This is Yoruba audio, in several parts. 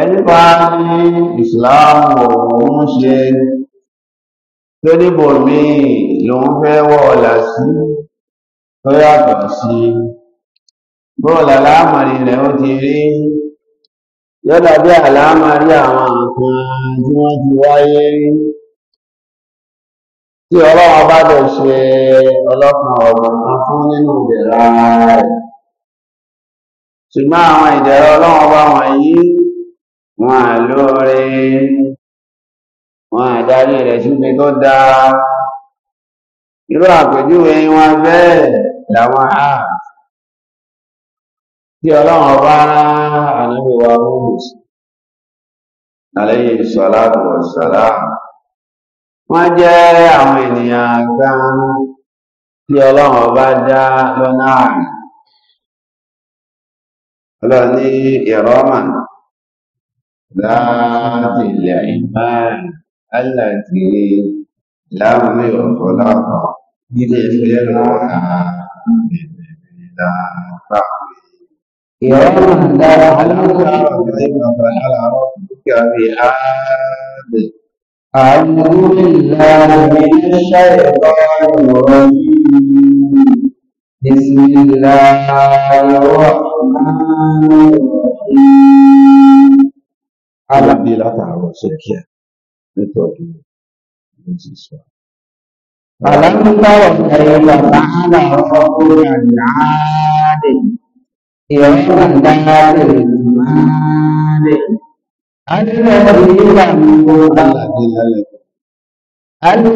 ẹni bá ní ìsìláàmù òun ṣe tó níbò míì lòun fẹ́ wọ́ ọ̀là sí tó yàtọ̀ sí bọ́ọ̀lù aláàmàrí rẹ̀ ó ti rí yọ́dà bí aláàmàrí àwọn nǹkan tí wọ́n ti wáyé rí tí ọlọ́run bá lè ṣe ọlọ́kan ọ̀gbọ̀n kan fún nínú ìdẹ̀ra rẹ̀ ṣùgbọ́n àwọn ìdẹ̀ra ọlọ́run bá wọ̀nyí wọn à lóore wọn àdarí rẹ̀ síbi tó dáa irú àpèjúwe wọn bẹ́ẹ̀ làwọn á tí ọlọ́run ọba rán ànábì wa Moses alayhi salatu wassalam wọ́n jẹ́ àwọn ènìyàn gan tí ọlọ́run ọba dá lọ́nà àmì ọlọ́run ní ìrọ́mà náà. ذات العمال التي لم يخلق مثلها إلى فحل يوم دار ربك بآب أعوذ بالله من الشيطان الرجيم بسم الله الرحمن الرحيم á dàbí látàárọ̀ ṣe kí ẹ nítorí ìlú sísọ. Àlànà táwọn ẹ̀rọ bàbá àlà ọkọ̀ orí àdáàdè, ìrọ̀lú àdáàdè ìmáàdè. Alẹ́ ìlà mi kò dàgbé lálẹ́. Alẹ́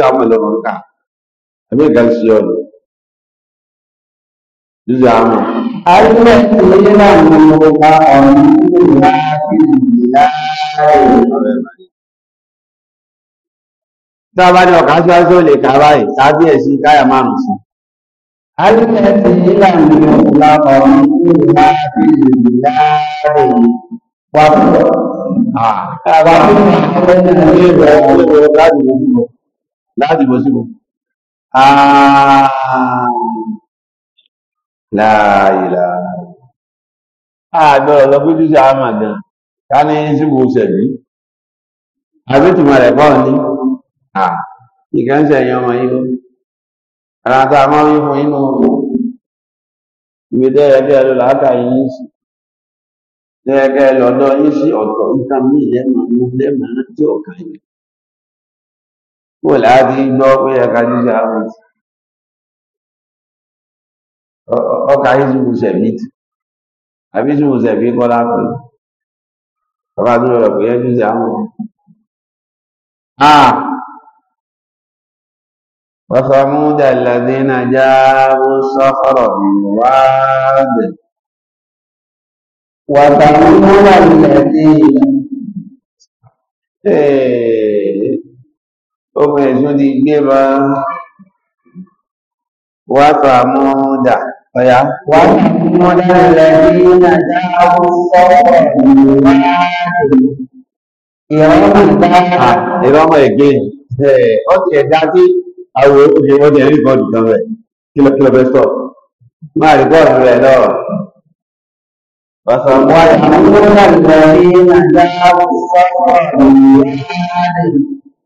ìlà ti. Ẹgbẹ́ ìgbà sí ọ̀dọ̀. Jíjẹ àmà. Ayé ìlera ni mo bá ọ̀nà ìlera ìlera Tá a bá ní ọkà síwájú tó lè kà báyìí, tàbí ẹ̀ sí káyà márùn-ún sí. Ayé ìlera ni mo bá ọ̀nà ìlera ìlera wà fún ọ. Àwọn akẹ́kọ̀ọ́ ọ̀nà ìlera ìlera láti bọ̀ sí bọ̀. Ah, láàrínlá. Àgbẹ̀rẹ̀ lọ pé jíjẹ àmà gan, ká ní síbò ṣẹ̀bí. Àbí tùmọ̀ rẹ̀ pọ̀ ní, à, ìkà ń ṣẹ̀yìn ọmọ yìí. Ara ta máa wí fún inú ọmọ. Ibi kó láti gbọ́ pé ẹ̀ka jíjẹ àwọn ètò ọkà ìṣubú sẹ̀mí tì àbí ìṣubú sẹ̀mí kọ́ lápè bàbá tó rọ̀ pé ẹjú sí àwọn àà wàfàmúdà làdínà jáàbù sọ́kọ̀rọ̀ ìwádìí wàfàmúdà làdínà ọmọ ẹ̀sùn ti gbé ma wá fàmúdà ọ̀yá. wà á mọ nílẹ̀ ní nàìjíríà ó sọ̀rọ̀ ìwádìí. ìrọ́mọ̀ ìgbé ọ ti ẹ̀dá sí àwọn òkè wọ́n ti ẹ̀rí kan dùn lọ́wọ́ ẹ̀ kílọ̀kílọ̀ fẹ́ sọ máa rí bọ́ọ̀lù rẹ̀ lọ́wọ́. وَسَمْوَ الْمُنَ الَّذِينَ جَاءُوا الصَّفْرَ بِالْعَادِ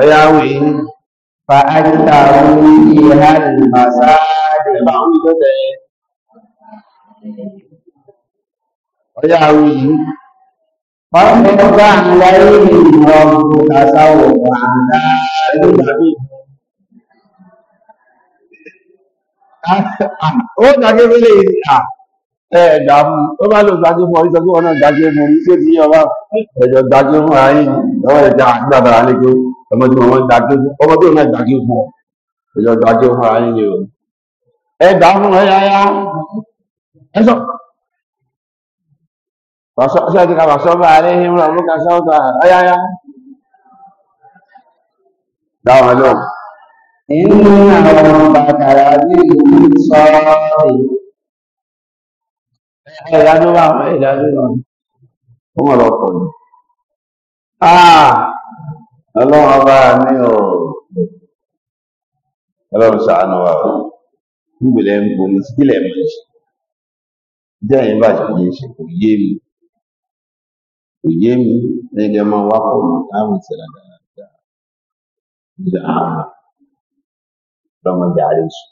ọ̀yá wèé fa ájítà orí ìhà ìbàṣá ìbá ń tó tẹ̀lé ọ̀yá wèé fọ́nmẹ́tọ́gbà ń wáyé ìrìnà ọ̀gbọ̀n kàṣàwọ̀ àǹdà lóògbàbí ó dàgbé wílé ìhà ẹ̀ẹ̀dàmú ó bá lò gbájú fún ọjọ́ gbọ́nà gbájú mú ní tí ó ti yọ bá ẹ̀jọ̀ gbájú fún ààyè lọ́wọ́ ẹ̀dà àgbàbàrà lẹ́gbẹ̀ẹ́ ọmọ tí wọn dá kí ó ọmọ tí wọn náà dá kí fún ọ ìjọ dá fún ara yín ni o ẹ dá fún ọ yáyá ẹ sọ ṣé ẹ ti ka wàṣọ bá a léyìn rẹ ọmọ kan sọ ọ yáyá dá wọn lọ. inú àwọn bàkàrà bí ìlú sọ ẹ ìdájọ́ wa ẹ ìdájọ́ wa ó mọ̀ lọ́kọ̀ọ́ ni ọlọ́run ọba mi ò ọlọ́run ṣàánú wa ò nígbìlẹ̀ ń bomi sílẹ̀ mọ́ ṣe jẹ́ ẹ̀yìn bàjẹ́ ní ṣe kò yé mi kò yé mi ẹ̀yìn ẹ̀mọ wa pọ̀ mọ́ káàmì sílẹ̀ dáadáa nígbà ààrùn lọ́mọdé àrẹ́sù.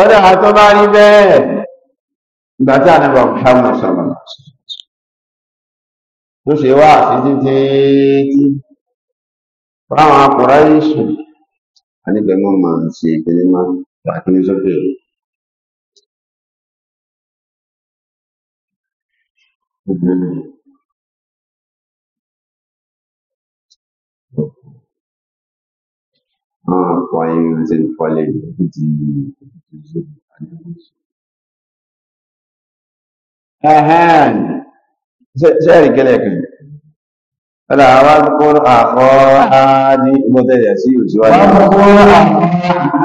ọ̀dà àtọ́ bá rí bẹ́ẹ̀ ìgbà tí àná bá Muhammad sọ̀rọ̀ náà sọ̀rọ̀ ló ṣe wá sí títí fáwọn akùnrin sùn anígbẹ̀ mọ́ máa ń ṣe ìpinnu máa wà kí ní sókè rẹ̀. Àwọn sẹ́ẹ̀rì kẹlẹ̀ kan ọ̀dà àwọn akókòrò àkọ́ àádì ìmọ̀tẹ̀yà sí òṣìwájú. wọ́n kó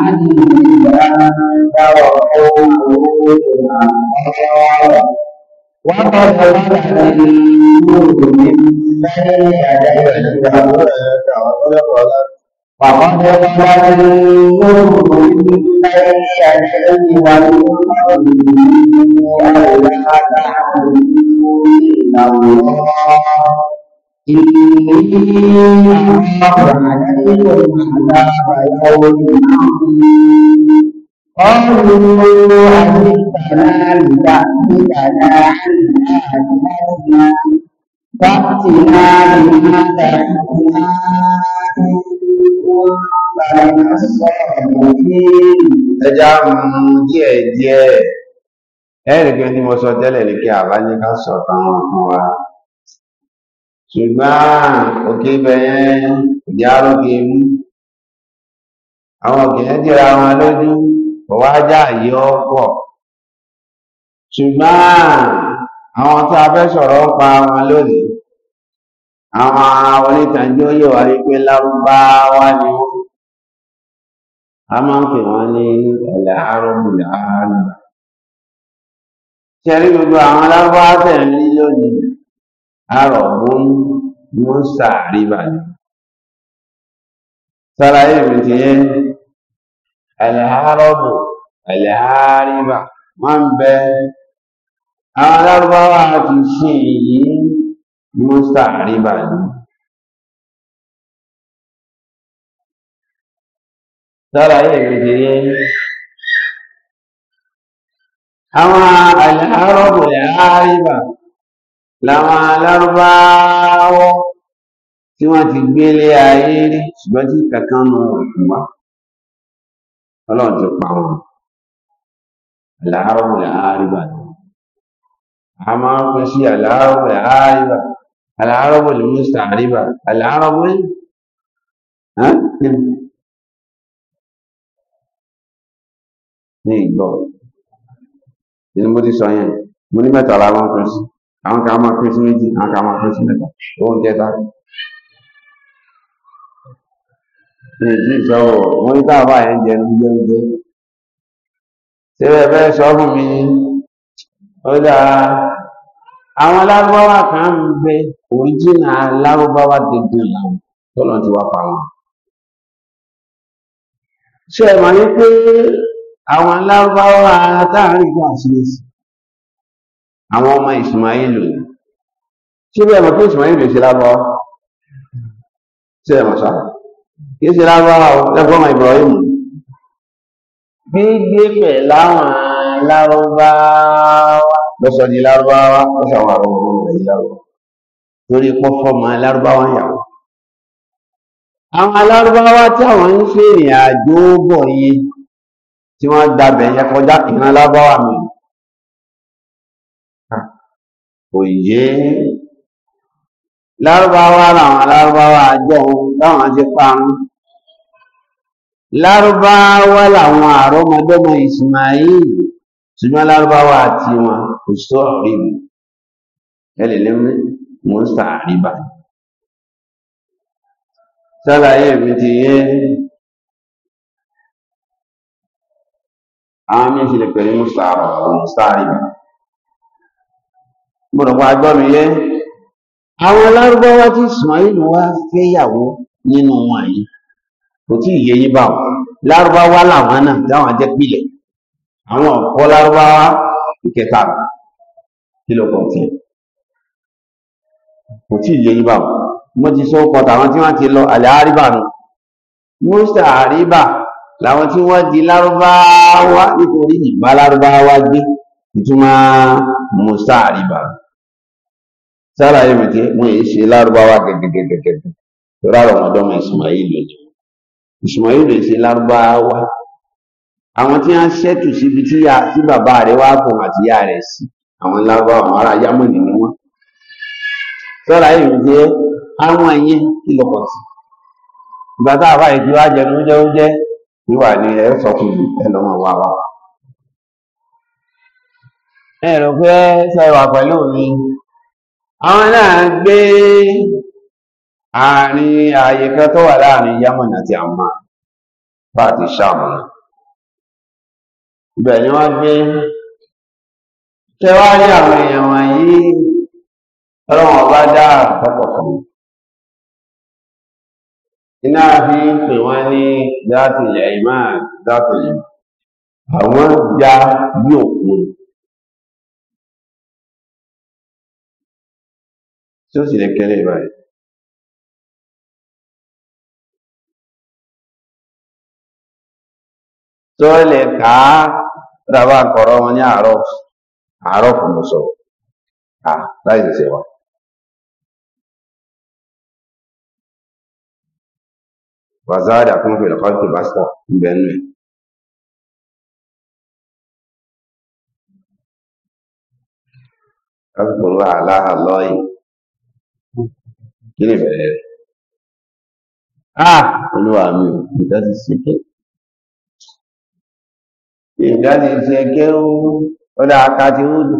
àádì ìdáwọ̀ owó àkọ́kọ́ wọ́n قالوا أجئتنا لتأتينا عن آلهتنا فأتنا بما تعدنا إن كنت ẹja mú díẹ̀ díẹ̀ ẹ̀rì pé ní mo sọ tẹ́lẹ̀ ní kí àbá ní ká sọ táwọn fún wa ṣùgbọ́n òkè bẹ̀yẹn ìyá lóge mú àwọn òkè yẹn jẹ́ra wọn lójú kò wá já àyè ọ̀pọ̀ ṣùgbọ́n àwọn tá a fẹ́ sọ̀rọ̀ pa wọn lónìí àwọn onítàjú yóò wá rí pé lárúbáwá ni wọ́n a máa ń pè wọ́n ní ẹ̀lẹ́ arọ́bù làárùbá ṣẹ́rí gbogbo àwọn aláwọ̀ tẹ̀lé lónìí arọ̀bù ni wọ́n sàárìbà ni sàlàyé mi ti yẹ máa ń bẹ àwọn ti ṣe èyí dára ilẹ̀ gbèdéré àwọn àlárọ̀bù àárìbà làwọn alárúbáwọ́ tí wọ́n ti gbélé ayé rí ṣùgbọ́n tí kankan nù òkú wá ọlọ́run ti pa wọn àlárọ̀bù àárìbà ni a máa ń pín sí àlárọ̀bù àárìbà àlárọ̀bù lè mú sàárìbà àlárọ̀bù ẹ̀ ní ìgbọ́ ìdí mo ti sọ yẹn mo ní mẹ́ta làwọn kan sí àwọn kan máa pín sí méjì àwọn kan máa pín sí mẹ́ta òun kẹta ní ìdí ìsọ̀rọ̀ mo ní káàbà yẹn jẹ ní gbẹ́ngbẹ́ ṣé ẹ fẹ́ sọ fún mi ó dáa àwọn lárúbáwá kan ń bẹ òjìnà lárúbáwá dandan làwọn tọ́lọ́ ti wá pa wọn ṣé ẹ máa ní pé àwọn lárúbáwá táàrin gbà síyèsí àwọn ọmọ ìsìmáìlù ṣé bẹ́ẹ̀ mọ̀ pé ìsìmáìlù ṣe lárúbáwá ṣe ẹ̀mọ̀ sá kìí ṣe lárúbáwá o lẹ́gbọ́n ọmọ Ibrahim gbígbé pẹ̀ láwọn lárúbáwá lọ́sọ̀ ní lárúbáwá ó ṣàwọn àwọn ọmọ rẹ̀ yìí lárúbáwá torí pọ́fọ́ mọ́ lárúbáwá yàwó àwọn alárúbáwá tí àwọn ń ṣèrìn àjò bọ̀ yìí tí wọ́n gbàbẹ̀ yẹ kọjá ìran lábáwá mi kò yé lárúbáwá làwọn lárúbáwá àjọhun láwọn ti parun lárúbáwá làwọn àrọmọdọ́mọ ìsìmáyìí ṣùgbọ́n lárúbáwá àti wọn kò sọ àríbi ẹlẹ́lẹ́ mọ́sà àríbà sálàyé mi ti yé àwọn sì lè pè ní mùsàárọ̀ mùsàárì gbọ́dọ̀ pa agbọ́mi yẹ àwọn alárúbáwá tí Ismail wá fẹ́yàwó nínú wọn yìí kò tí ì yé yín bá wọn lárúbáwá làwọn náà táwọn jẹ́ pìlẹ̀ àwọn ọ̀pọ̀ lárúbáwá ìkẹta kí ló kò tí ì yé bá wọn mo ti sọ ọkọ̀ tàwọn tí wọ́n ti lọ àlẹ́ àríbà nù mùsàárì bá làwọn tí wọ́n di lárúbáwá nítorí ìbá lárúbáwá gbé ìtumọ̀ musa àríbá sára yìí wípé wọ́n èyí ṣe lárúbáwá gẹ́gẹ́gẹ́gẹ́gẹ́ rárá wọn dọ́mọ ìsùmáyìí lòdì ìsùmáyìí lòdì ṣe lárúbáwá àwọn tí wọ́n ṣẹ́tù síbi tí bàbá rẹ̀ wá fún àti ìyá rẹ̀ sí àwọn lárúbáwá àwọn ará yámọ̀nì ni wọ́n sára yìí wípé àwọn ẹ̀yẹ kìlọ̀pọ̀ sí ìgbà tá a bá ìdíwájẹ ló jẹ́ ó jẹ́ níwà ní ẹ sọkùnrin ẹ lọ́mọ wà wà. ẹ rò pé ṣe wà pẹ̀lú mi àwọn náà gbé àárín ààyè kan tó wà láàrin yamani ni wọ́n gbé àwọn èèyàn wọ̀nyí ọlọ́run ọba dá àpapọ̀ kan iná fi ń pè wọ́n ní dátìlẹ̀ ìmáà dátìlẹ̀ àwọn já bí òkú tí ó sì lè kéré báyìí tí lè kà dábàá kọ̀rọ̀ wọn ní àárọ̀ àárọ̀ fún mi sọ à láì ṣe wà. wazada kún fèrè kọ́lùkù bàṣọ ńbẹ nù ẹ. kọ́lùkù ńlá aláha lọ́yìn kí ni bẹ̀rẹ̀ rẹ̀ a olúwa mi ò seke ti ṣe kẹ́ nǹkan ti ṣe kẹ́ ó ọ̀dà aka ti húdù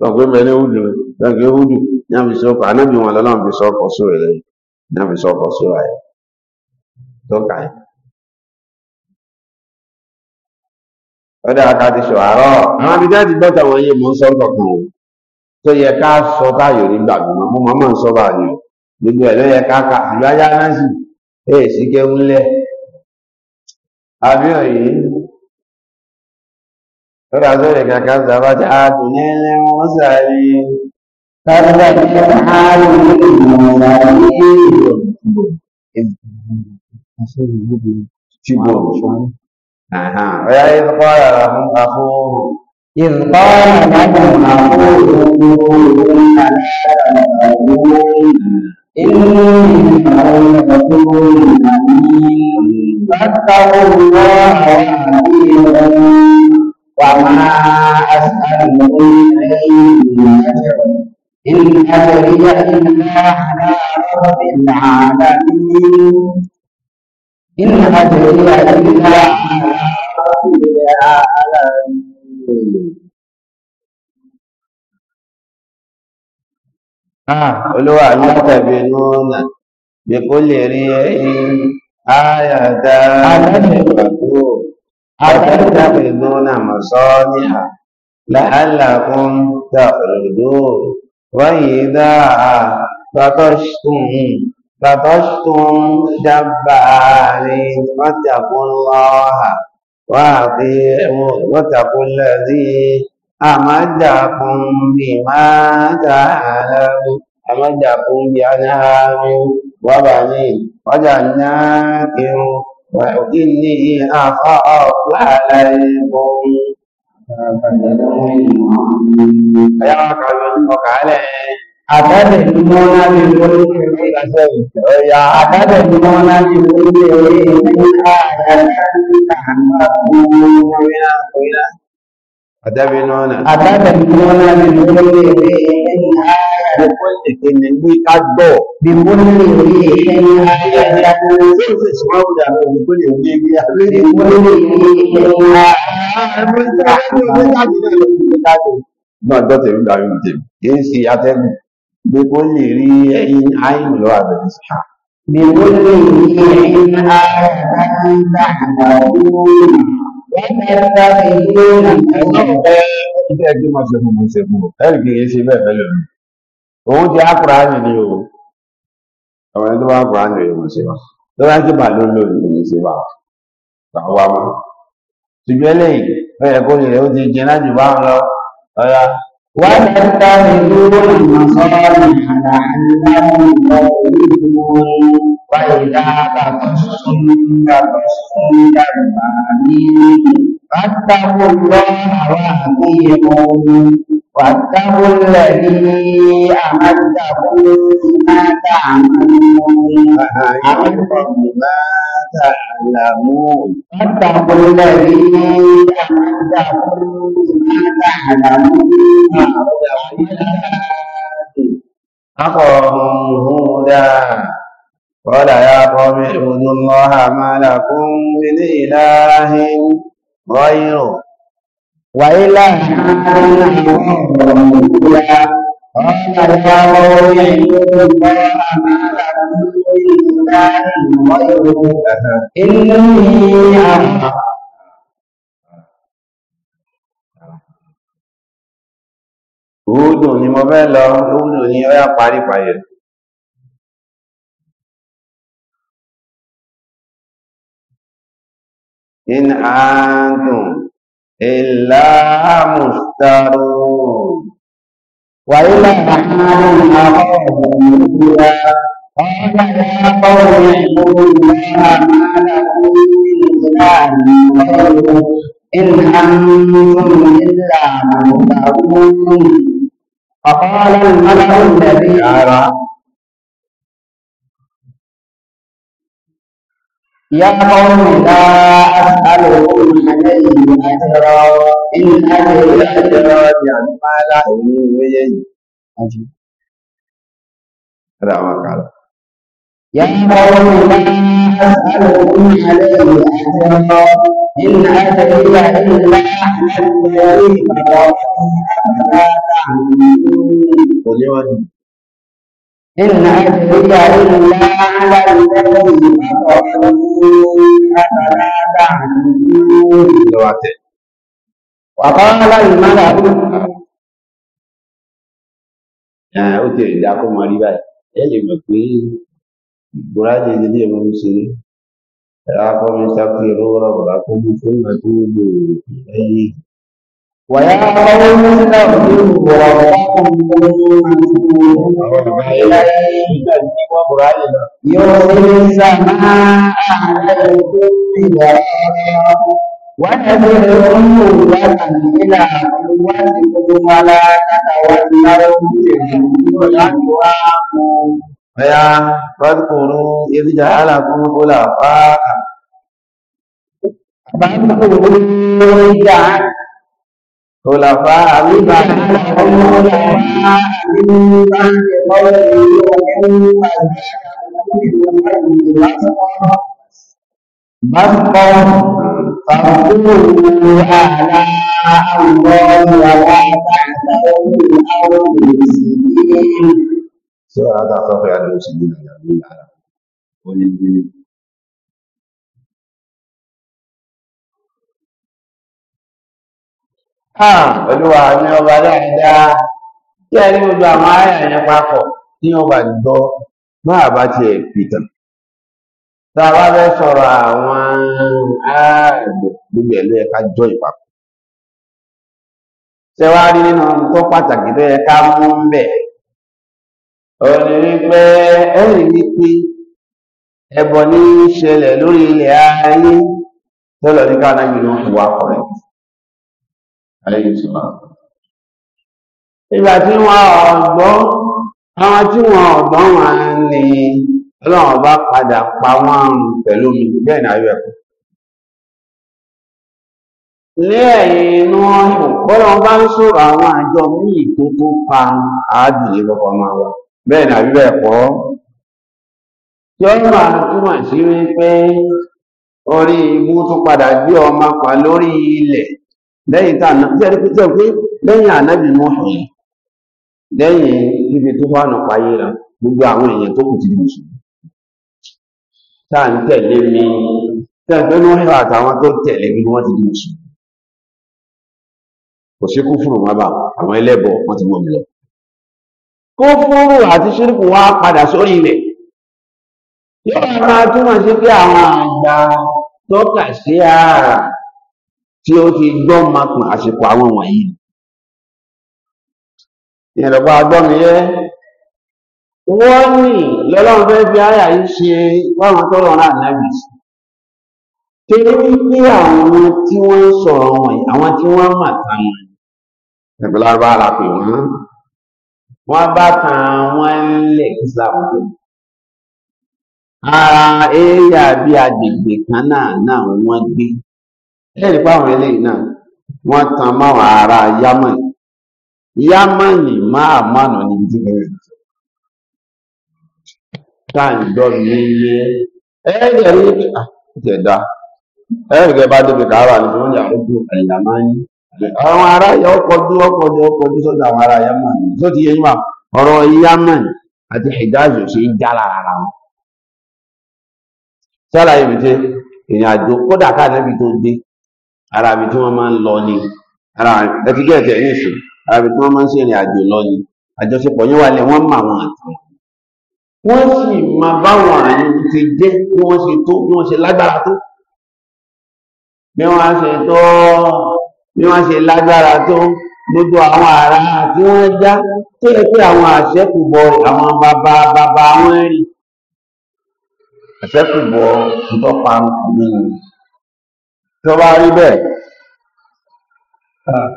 lọ́gbẹ́ mẹ́rin húdù lọ́gbẹ́ húdù ní dọ́kàn yìí. ọdẹ akáti sọ àárọ̀ àwọn abidá ti gbọ́ta wọn yé mò o tó yẹ ká sọ táyò ní gbàgbọmọ mo máa sọ báyìí o gbogbo ẹ ló yẹ ká ká ìlú ayá a وإذ قال لهم أخوهم إذ قال لهم أخوهم إني فرعون رسول أمين فاتقوا الله وأطيعون وما أسألكم عليه من أجر إن أجري إلا على رب العالمين إن أجري إلا على Olúwa ní tàbí lónà, bí kó lè rí ẹ̀yìn ayàdá àtàkùn àtàkùn lónà mọ̀sọ́ ní à láàlàkún tàbí lónà wáyé dáa bàtọ́ṣùn بطشتم جبارين واتقوا الله واطيعوا واتقوا الذي أمدكم بما تعلمون أمدكم بأنهار وبنين وجنات وإني أخاف عليكم يا رب العالمين Àtàdé ni wọ́n náà lè wọlé kẹ̀lé ọ̀yà àtàdé ni wọ́n náà lè wọlé kẹ̀lé ìwé Àtàbí náà nà. Àtàbí ni wọ́n náà lè wọlé kẹ̀lé ìwé Gbogbo ìpè ní gbé ká gbọ́. Bí mo ní lè rí ẹ̀ṣẹ́ ní ayé ẹ̀dá tó ń rí ìṣe ìṣúná òde àti òde tó lè rí ẹgbẹ́ Bí mo ní lè rí ẹ̀ṣẹ́ ní ayé ẹ̀dá tó ń rí ìṣe ìṣúná òde àti òde tó lè rí ẹgbẹ́ àlọ́. Náà gbọ́ tèmi dàrú ìdèmí. Kì í ṣe بكل ريع عين لو هذا بصحة بكل ريع عين تحمدون وتتخذون Iṣẹ́ ẹgbẹ́ máa ṣe fún mi ṣe fún mi. Ẹ̀rì kìí ṣe bẹ́ẹ̀ fẹ́ lòun. Òun ti Ákùránì ni o. Àwọn ẹni tó bá Ákùránì rẹ̀ wọ́n ṣe wá. Lọ́la ti bà ló ń lò ní kìí ṣe wá. Tàwọn wá mọ́. Ṣùgbọ́n lẹ́yìn, ó yẹ kó ní rẹ̀ ó ti jẹ láti bá wọn lọ. Ọ̀ya ونتخذوا المصالح لعلهم يرجعون وإذا بطشتم بطشتم جبارين فاتقوا الله وأطيعون واتقوا الذي أمدكم بما تعلمون أمدكم بما تعلمون واتقوا الذي أمدكم بما تعلمون أقوم هودا قال يا قوم اعبدوا الله ما لكم من إله غيره وإلى قال يا قوم اعبدوا الله ما لكم من إله غيره إني أعلم Oòdùn ni mo fẹ́ lọ, oòdùn ni ọya parí parí rẹ̀. In àádùn إلا مفترون وإلى أحد أخاهم هودا قال يا قوم اعبدوا الله ما لكم من إله غيره إن أنتم إلا مفترون فقال الملأ الذي أرى يا قوم لا أسألكم عليه أجرا إن أجري أجرا على علمي هذا ما قال يا قوم لا أسألكم عليه أجرا إن أجري إلا على الذي فطرني تعلمون إن أجري إلا على الذي فطرني أفلا تعلمون وقال الملأ ó ti ẹ̀dá ويا قوم استغفروا ربكم ثم يرسل السماء عليكم مدرارا ونبلغكم قوة إلى قوتكم ولا تتولوا تنكروا ويا فاذكروا إذ جعلكم خلفاء فاذكروا إذ جعلكم Khulafa Abibah Bakau Fakulu ala Allah wa la ta'lamu al-muslimin Surah Al-Fatihah al-Muslimin al-Amin al-Amin olúwa ní ọba dáadáa tí ẹni gbogbo àwọn papọ̀ ní ọba gbọ́ máa bá tiẹ̀ pìtàn tá a bá fẹ́ sọ̀rọ̀ àwọn ààbò gbogbo ẹ̀ ló jọ ìpapọ̀ ṣé wàá rí nínú tó pàtàkì tó yẹ ká mú ń bẹ̀ ó ní wípé ó ní ṣẹlẹ̀ lórí ilẹ̀ ayé tó lọ ní ká náà ayé tí wọ́n. Ìgbà tí wọ́n ọ̀gbọ́, àwọn tí wọ́n ọ̀gbọ́ wọn ni ọlọ́run bá padà pa wọ́n rùn pẹ̀lú mi bẹ́ẹ̀ ní ayé ẹ̀kọ́. Ní ẹ̀yìn inú ọ̀hún, bọ́lá wọn bá ń sọ̀rọ̀ àwọn àjọ míì tó tó pa àádìyẹ kọ̀ọ̀kan máa wà. Bẹ́ẹ̀ ní ayé ẹ̀kọ́. Tí ó yẹ máa túmọ̀ sí wípé orí ibú tún padà gbé ọmọ pa lórí ilẹ̀. lẹ́yìn tá ànájẹ́ pé lẹ́yìn ànábì Nuhu yìí lẹ́yìn bíbi tó wà nù payé rà gbogbo àwọn èèyàn tó kù ti di mùsùlùmí tá à ń tẹ̀lé mi tẹ̀gbẹ́ Nuhu àtàwọn tó tẹ̀lé mi wọ́n ti di mùsùlùmí kò sí àwọn ẹlẹ́bọ̀ wọ́n ti lọ àti wá padà sórí ilẹ̀ yóò máa túmọ̀ sí pé àwọn àgbà sí tí ó fi gbọ́ makùn àsìkò àwọn wọ̀nyí ìrọ̀pá agbọ́miyẹ́ wọ́n ní lọ́lọ́run fẹ́ fi àyà yìí ṣe wáwọn tó rọrùn ànábì sí torí wípé àwọn tí wọ́n ń sọ̀rọ̀ wọ̀nyí àwọn tí wọ́n mà tán wọn ẹ̀gbẹ́ lárúbá ara pè wọ́n wọ́n bá tan àwọn ẹlẹ́ islam tó ara ẹ̀yà bíi agbègbè kan náà náà wọ́n gbé ẹ̀rí páwọn eléyìí náà wọ́n tan máwọn ará yámánì yámánì máa mánà níbi tí kẹrẹ tá à ń gbọ́ ní iye ẹ̀rí na ìtẹ̀dá ẹ̀rí kẹ bá débi kàárà ní wọ́n yà ó dún ẹ̀yà máa ń àwọn ará yà ó kọjú ó kọjú ó kọjú àwọn ará tó ti yé àti ṣe ń já lára wọn sálàyé mi ti ìrìn àjò kódà káà níbi tó dé ara ibi tí wọ́n máa ń lọ ni ara ẹtìgẹ́ ẹ̀tẹ̀ ní ìṣù ara ibi tí wọ́n máa ń ṣe ìrìn àjò lọ ni àjọṣepọ̀ yín wà lẹ̀ wọ́n mà wọn àtàn wọ́n sì máa báwọn àrùn ti jẹ́ bí wọ́n ṣe tó bí wọ́n ṣe lágbára tó bí wọ́n ṣe tó bí wọ́n ṣe lágbára tó gbogbo àwọn ará tí wọ́n já tó yẹ pé àwọn àṣẹ́kùbọ̀ àwọn bàbá bàbá wọn rí àṣẹ́kùbọ̀ ń tọ́pa ọmọ tó bá rí bẹ́ẹ̀ ah,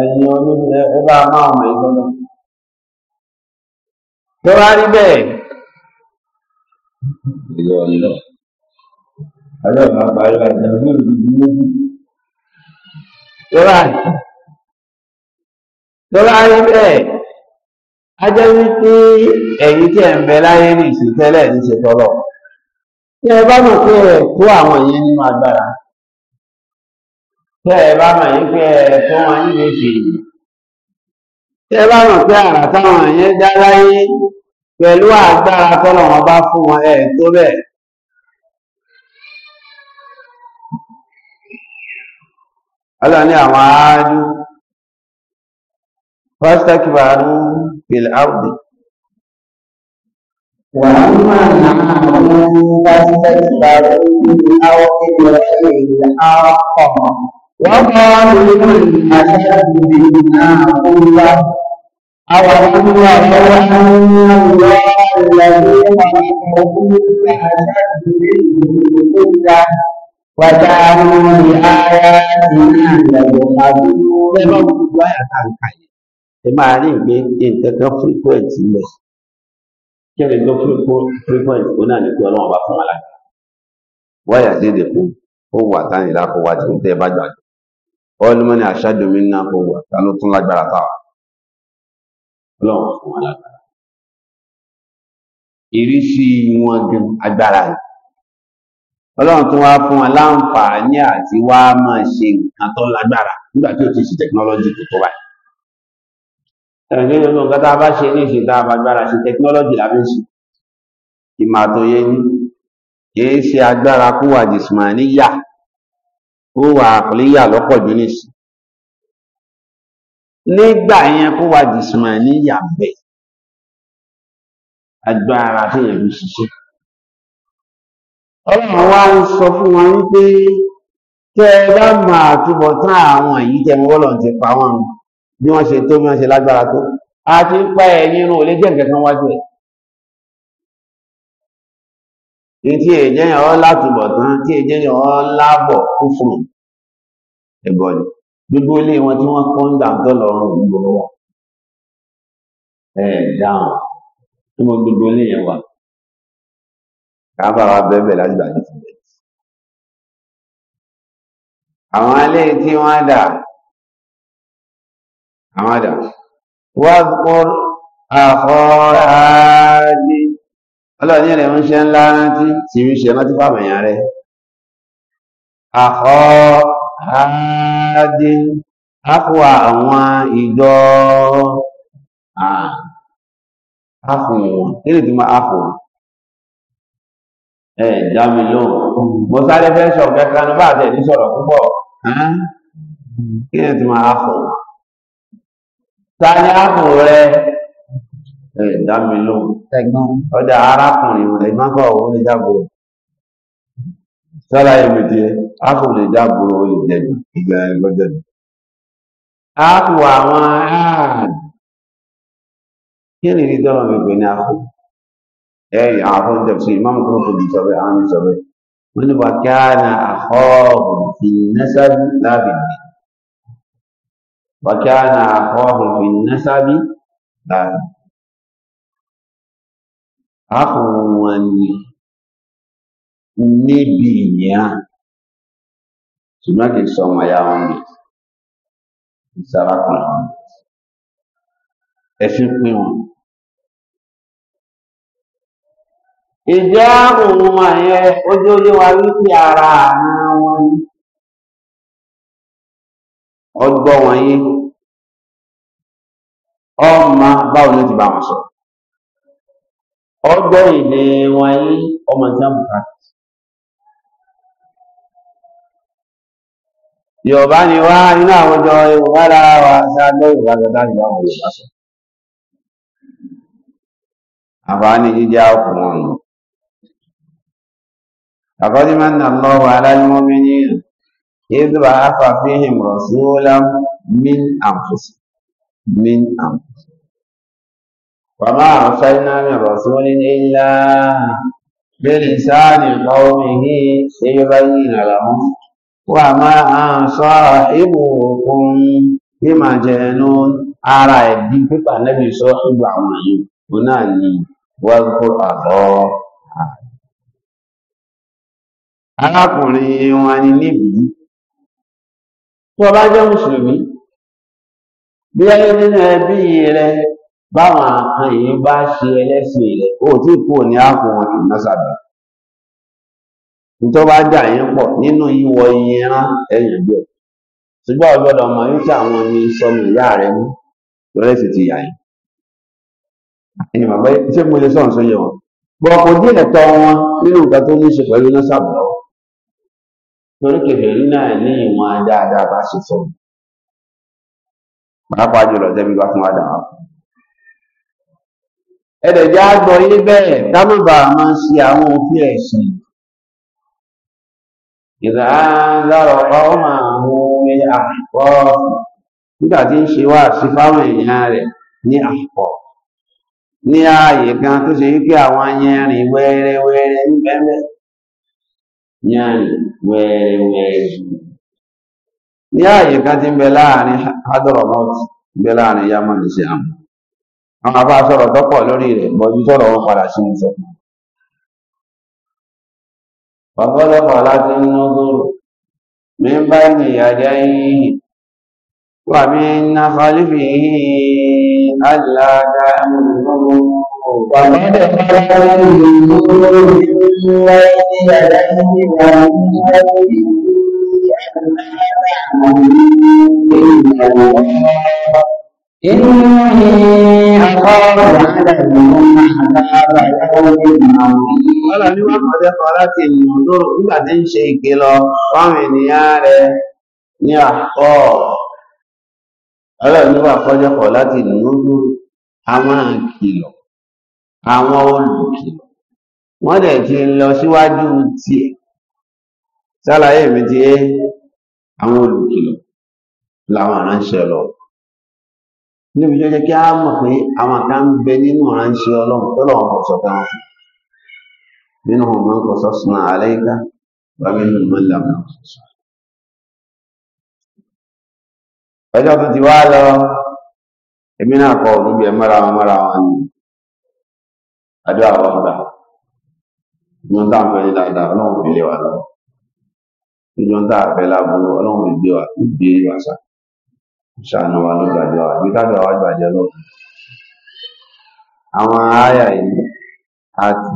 ẹ̀yin onílé ẹ bá máa mọ̀ ẹ́ lọ́nà tó bá rí bẹ́ẹ̀ ìyọ̀ ọ̀nà ayọ̀ bàbá ayọ̀ àjẹ́ ní ìdíjú méjì tó bá tó bá rí bẹ́ẹ̀ a jẹ́ wípé ẹ̀yin tí ẹ̀ ń bẹ láyé ní ìsìtẹ́lẹ̀ ní ìṣètọ́lọ̀ tí ẹ bá mọ̀ pé ẹ̀ tó àwọn yẹn nínú agbára tẹ́ ẹ bá mọ̀ yín pé ẹ fún wọn yín lè fi yìí tẹ́ ẹ bá mọ̀ pé àrà táwọn yẹn dá láyé pẹ̀lú agbára tọ́lọ̀ wọn bá fún wọn ẹ tó bẹ́ẹ̀. Allah ní àwọn aájú fásitàkìbàánú fil ardi wà á máa nà àwọn fásitàkìbàánú fil ardi wà á máa nà àwọn fásitàkìbàánú fil ardi وقالوا من أشد منا قوة أولم يروا أن الله الذي خلقهم أشد منهم قوة وكانوا بآياتنا يجحدون ẹ máa rí ìgbé nǹkan kan frequent lẹ̀ kí ẹ lè lọ frequent ó náà ní pé ọlọ́run bá fún wa láti wáyà dédé kú ó wà táyìn lápò wá tí ó tẹ́ ẹ bá gbàgbé ọlọ́mọ ní àṣáájú mi náà kò wà ta ló tún lágbára táwa ọlọ́run fún wọn lágbára ìrísí wọn gan agbára ni ọlọ́run tún wá fún wọn láǹfààní àti wá máa ṣe nǹkan tó lágbára nígbà tí o ti ṣe tẹkinọ́lọ́jì tó tó báyìí ẹ̀rìn nínú nǹkan tá a bá ṣe ní ìṣèta àbágbára ṣe tẹkinọ́lọ́jì la ṣe ìmọ̀ àtòyẹ ní kì í ṣe agbára kúwà jìsùmọ̀ níyà ó wà àkùlíyà lọ́pọ̀ jù nísìn nígbà yẹn kó wà dìsìmọ̀ níyà bẹ̀ agbára téèyàn fi ṣiṣẹ́ ọlọ́run wá ń sọ fún wọn wípé tẹ́ ẹ bá máa túbọ̀ tán àwọn èyí tẹ́ wọn lọ́n ti pa wọn bí wọ́n ṣe tó bí wọ́n ṣe lágbára tó àti pa ẹ̀ nínú ò lè jẹ́ nǹkan kan wájú ẹ̀ etí èjẹyàn ọ látùbọ̀ tán tí èjẹyàn ọ lábọ̀ kú fún un ẹ̀bọ̀ ni gbogbo ilé wọn tí wọ́n kọ́ ń dà tó lọ́rùn gbogbo wọn ẹ̀ dáhùn tí mo gbogbo ilé yẹn wà káfà wa bẹ́ẹ̀ láti gbà títí bẹ́ẹ̀. àwọn ilé tí wọ́n dà àwọn dà wọ́n kọ́ àkọ́ ọlọ́ọ̀ni rẹ̀ ń ṣe ńlá rántí tí ń ṣe rántí fáwọn èèyàn rẹ̀ àkọ́ àádé àpò àwọn ìjọ àfòwọ̀n kí ni tí máa àfòwọ̀n ẹ dá mi lóhùn mo sáré fẹ́ sọ kẹta ní bá àtẹ̀ ní sọ̀rọ̀ púpọ̀ kí ni tí máa àfòwọ̀n ta ni àfòwọ̀n ẹ dá mi lóhùn ọjà arákùnrin rẹ má kọ òun lè jábọ sọlá èmi ti arákùnrin jábọ ìjẹyìn ìgbà ẹgbẹjọ ni. a kò àwọn áàdì kí ni ìdí tọ́lọ̀ mi pè ní àpò ẹ àpò ń tẹ̀sí ìmáàmù kúrò fún mi sọ̀rọ̀ àwọn mi sọ̀rọ̀ wọ́n ní wàkíánà àkọ́ọ̀hùn fi nẹ́sàbí lábìdì wàkíánà àkọ́ọ̀hùn fi nẹ́sàbí lábìdì. hapụrụ nwanne mmebi ya tunakisoma nsara msarafu efe efipinwa ìjẹ́ àrùn wọn yẹn ojú onye wa wípé ara àárín wọn ní ọgbọ́n wọn ti bá wọn sọ̀rọ̀ ọgbọ́ èdè wọn ọmọ tí a na Yorùbá ni wá nínú àwọn ọjọ́ Yorùbá lára wa sí agbọ́ Yorùbá gọdá ìlú àwọn Yorùbá sọ àǹfààní na ọkùnrin ọ̀nà àkọ́jú máa ń nà ní ìlú sí ó وما أرسلنا من رسول إلا بلسان قومه ليبين لهم وما صاحبكم بمجنون ara ẹbí pípa lẹ́bi sọ ìgbà àwọn yìí òun náà arákùnrin wọn ni níbi tó bá jẹ́ mùsùlùmí bí ẹni nínú ẹbí rẹ báwọn nǹkan yìí bá ṣe ẹlẹ́sìn rẹ̀ ó tí kúrò ní àpò ìmọ̀sàbẹ̀ tó bá jà yín pọ̀ nínú ìwọ iye rán ẹ̀yìn ṣùgbọ́n àwọn sọmọ ìyá mú sì ti yà yín ẹ̀yìn bàbá ṣé mo lè sọ̀rọ̀ sóyè wọn bọ́ kò dé ẹ̀tọ́ wọn nínú nǹkan tó ní ṣe pẹ̀lú iná lọ́wọ́ torí náà ní ìwọ̀n dáadáa bá ṣe ẹ̀dẹ̀jẹ́ àgbọ̀ yé bẹ́ẹ̀ tábùbà máa ń ṣe àwọn òfin ẹ̀sìn ìlà ọmọ àwọn àpọ̀ nígbà tí ń ṣe wá sí fáwọn èèyàn rẹ̀ ní àpọ̀ ní ààyè kan tó ṣe wípé àwọn ayẹrin wẹ́rẹ́wẹ́rẹ́ ní yẹrin wẹ́rẹ́wẹ́rẹ́ ní ààyè kan tí ń bẹ láàrin adọ̀rọ̀ náà ń bẹ láàrin àwọn afá sọ̀rọ̀ tọ́pọ̀ lórí rẹ̀ bọ́ ibi sọ̀rọ̀ wọn padà sí ìṣọ̀ ọ̀pọ̀lọpọ̀ láti ń nọ́gọ́rò mi ń bá ní ìyàjá yìí wà mí ná kọlífì yìí alága إني أخاف عليهم عذاب يوم عظيم. Ọlọ́run ní wọ́n kọ̀dẹ́ kan láti ènìyàn lóru nígbà tí ń ṣe ìgbé lọ fáwọn ènìyàn rẹ̀ ní àkọ́. Ọlọ́run ní wọ́n kọjọ́ kan láti ènìyàn lóru àwọn àkìlọ̀, àwọn olùkìlọ̀. Wọ́n dẹ̀ ti lọ síwájú tiẹ̀. Sálàyé mi ti yé àwọn olùkìlọ̀ làwọn aránṣẹ́ lọ níbi tó jẹ́ kí á mọ̀ pé àwọn kan ń bẹ nínú ránṣẹ́ ọlọ́run tó lọ́wọ́ kò sọ fún wọn nínú ọmọ kò sọ sùn àlẹ́ ìka wà nínú mọ́lá mọ́. ọjọ́ tó ti wá lọ èmi náà kọ òbí bẹ mọ́ra wọn mọ́ra wọn ni àdúrà wọn gbà ìjọ ń dáhùn fẹ́lẹ́ dáadáa ọlọ́run fi lé wa lọ ìjọ ń dáhùn fẹ́lẹ́ ọlọ́run fi gbé wa sá ṣàánú wa ló gbàdúrà wa gbígbàdúrà wa gbàdúrà lọ́kùn àwọn àyà yìí àti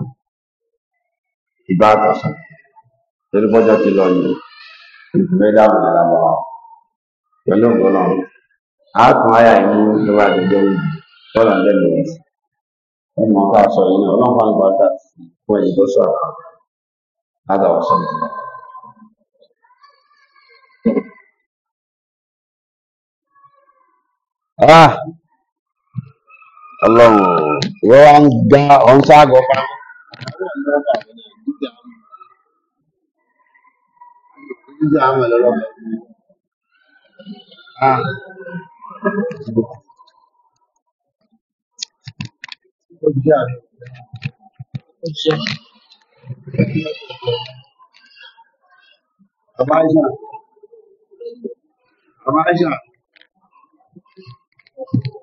ìbátọ̀sán torí bọ́jọ́ ti lọ yìí ìfúnlẹ́dà àwọn alábà wa pẹ̀lú ògbọ́nà àátún àyà yìí mú ìwà àdúgbò yìí tọ́lá ń lẹ́nu rẹ̀ sí ẹ mọ̀ ká sọ yìí náà ọlọ́pàá ń gbàgbà fún ẹ̀yìn tó sọ̀rọ̀ látàwọn sọ̀rọ̀ náà. ah ọlọ́run eu wá ń gbá ọ̀n Thank you.